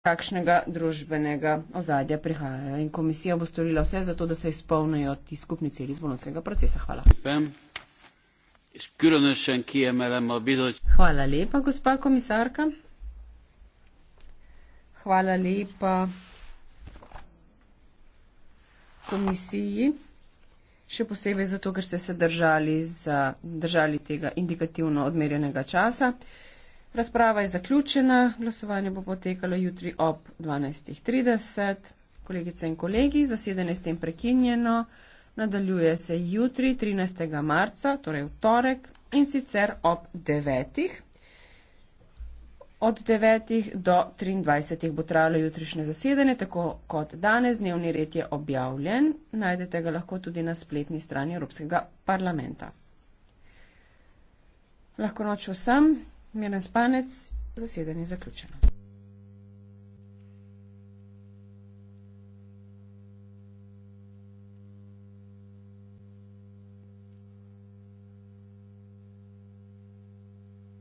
kakšnega družbenega ozadja prihajajo. In komisija bo storila vse za to, da se izpolnijo ti skupni cilji iz bolonskega procesa. Hvala. Hvala lepa, gospa komisarka. Hvala lepa komisiji, še posebej zato, ker ste se držali, za, držali tega indikativno odmerjenega časa. Razprava je zaključena, glasovanje bo potekalo jutri ob 12.30. Kolegice in kolegi, zasedanje s tem prekinjeno, nadaljuje se jutri 13. marca, torej v torek in sicer ob 9. Od 9. do 23. bo trajalo jutrišnje zasedanje, tako kot danes dnevni red je objavljen. Najdete ga lahko tudi na spletni strani Evropskega parlamenta. Lahko noč vsem. Miren spanec, zasedanje zaključeno.